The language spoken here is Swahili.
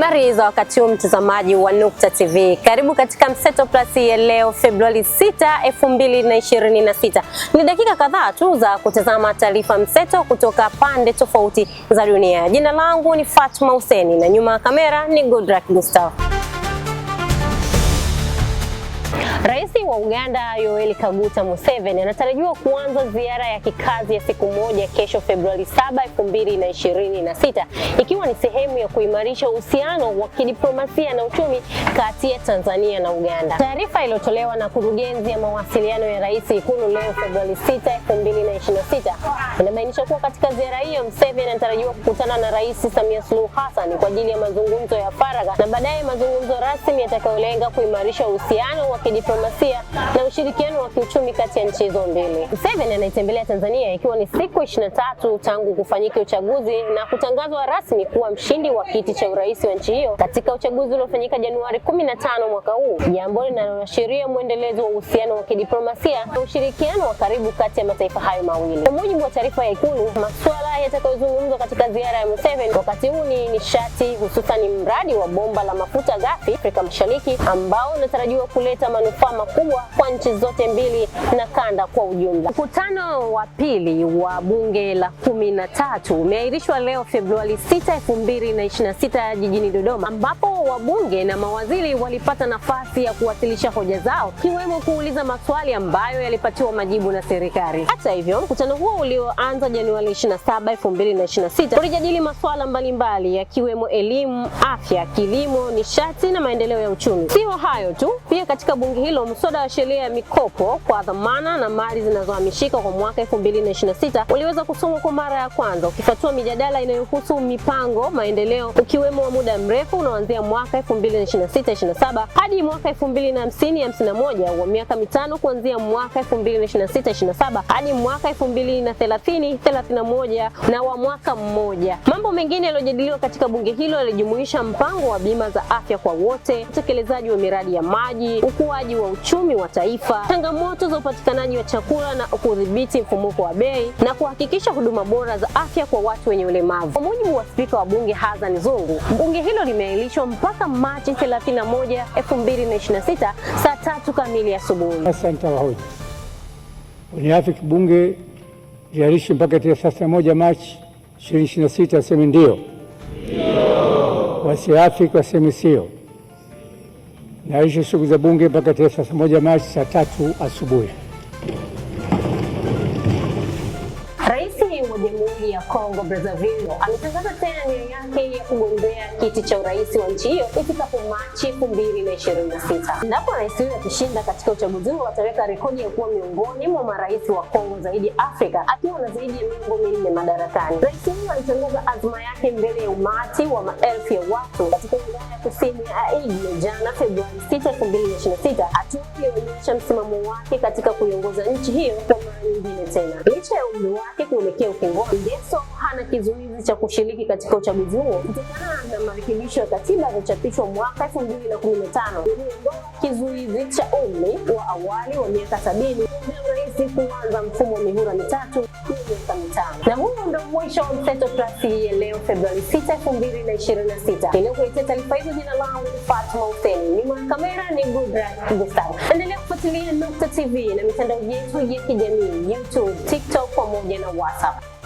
Habari za wakati huu mtazamaji wa Nukta TV, karibu katika Mseto Plus ya leo Februari 6, 2026. Ni dakika kadhaa tu za kutazama taarifa mseto kutoka pande tofauti za dunia. Jina langu ni Fatma Huseni na nyuma ya kamera ni Godrak Gustav. Rais wa Uganda Yoweri Kaguta Museveni anatarajiwa kuanza ziara ya kikazi ya siku moja kesho Februari 7, 2026 ikiwa ni sehemu ya kuimarisha uhusiano wa kidiplomasia na uchumi kati ya Tanzania na Uganda. Taarifa iliyotolewa na kurugenzi ya mawasiliano ya rais Ikulu leo Februari 6, 2026 inabainisha kuwa katika ziara hiyo Museveni anatarajiwa kukutana na Rais Samia Suluhu Hassan kwa ajili ya mazungumzo ya faragha na baadaye mazungumzo rasmi yatakayolenga kuimarisha uhusiano wa kidiplomasia kidiplomasia na ushirikiano wa kiuchumi kati ya nchi hizo mbili. Museveni anaitembelea Tanzania ikiwa ni siku 23 tangu kufanyika uchaguzi na kutangazwa rasmi kuwa mshindi wa kiti cha urais wa nchi hiyo katika uchaguzi uliofanyika Januari 15 mwaka huu, jambo linaloashiria mwendelezo wa uhusiano wa kidiplomasia na ushirikiano wa karibu kati ya mataifa hayo mawili. Kwa mujibu wa taarifa ya Ikulu, masuala yatakayozungumzwa katika ziara ya Museveni wakati huu ni nishati, hususan mradi wa bomba la mafuta ghafi Afrika Mashariki ambao unatarajiwa kuleta manufaa manufaa makubwa kwa nchi zote mbili na kanda kwa ujumla. Mkutano wa pili wa bunge la kumi na tatu umeahirishwa leo Februari 6, 2026 jijini Dodoma, ambapo wabunge na mawaziri walipata nafasi ya kuwasilisha hoja zao, ikiwemo kuuliza maswali ambayo yalipatiwa majibu na serikali. Hata hivyo, mkutano huo ulioanza Januari 27, 2026 ulijadili masuala mbalimbali yakiwemo elimu, afya, kilimo, nishati na maendeleo ya uchumi. Sio hayo tu, pia katika bunge hilo, mswada wa sheria ya mikopo kwa dhamana na mali zinazohamishika kwa mwaka 2026 uliweza kusomwa kwa mara ya kwanza ukifatua mijadala inayohusu mipango maendeleo, ukiwemo wa muda mrefu unaoanzia mwaka 2026/27 hadi mwaka 2050/51 wa miaka mitano kuanzia mwaka 2026/27 hadi mwaka 2030/31 na wa mwaka mmoja. Mambo mengine yaliyojadiliwa katika bunge hilo yalijumuisha mpango wa bima za afya kwa wote, utekelezaji wa miradi ya maji, ukuaji wa uchumi wa taifa, changamoto za upatikanaji wa chakula na kudhibiti mfumuko wa bei na kuhakikisha huduma bora za afya kwa watu wenye ulemavu. Kwa mujibu wa spika wa bunge Hassan Zungu, bunge hilo limeahirishwa mpaka Machi 31, 2026 saa tatu kamili asubuhi. Asante wahoji wenye afya, bunge liahirishe mpaka tarehe 31 Machi 2026, waseme ndio, wasiafiki waseme sio. Naishi shughuli za bunge mpaka tarehe 31 Machi saa tatu asubuhi. Jamhuri ya Kongo Brazzaville ametangaza tena nia yake ya kugombea kiti cha urais wa nchi hiyo ifikapo Machi 2026. Endapo rais huyo akishinda katika uchaguzi huo, ataweka rekodi ya kuwa miongoni mwa marais wa Kongo zaidi Afrika, akiwa na zaidi ya miongo minne madarakani. Rais huyo alitangaza azma yake mbele ya umati wa maelfu ya watu katika wilaya ya kusini ya Aigio jana Februari 6, 2026, hatua iliyoonyesha msimamo wake katika kuiongoza nchi hiyo kwa mara nyingine tena, licha ya umri wake kuelekea Kongo, Ngeso hana kizuizi cha kushiriki katika uchaguzi huo kutokana na marekebisho ya katiba yaliyochapishwa mwaka 2015 iliondoa kizuizi cha umri wa awali wa miaka sabini rahisi kuanza mfumo wa mihula mitatu miaka mitano. Na huo ndio mwisho wa Mseto Plus ya leo Februari 6, 2026. Inayokuletea taarifa hizo, jina langu ni Fatma Hussein, nyuma ya kamera ni Goodrat Gustav. Endelea kufuatilia Nukta TV na mitandao yetu ya kijamii YouTube, TikTok pamoja na WhatsApp.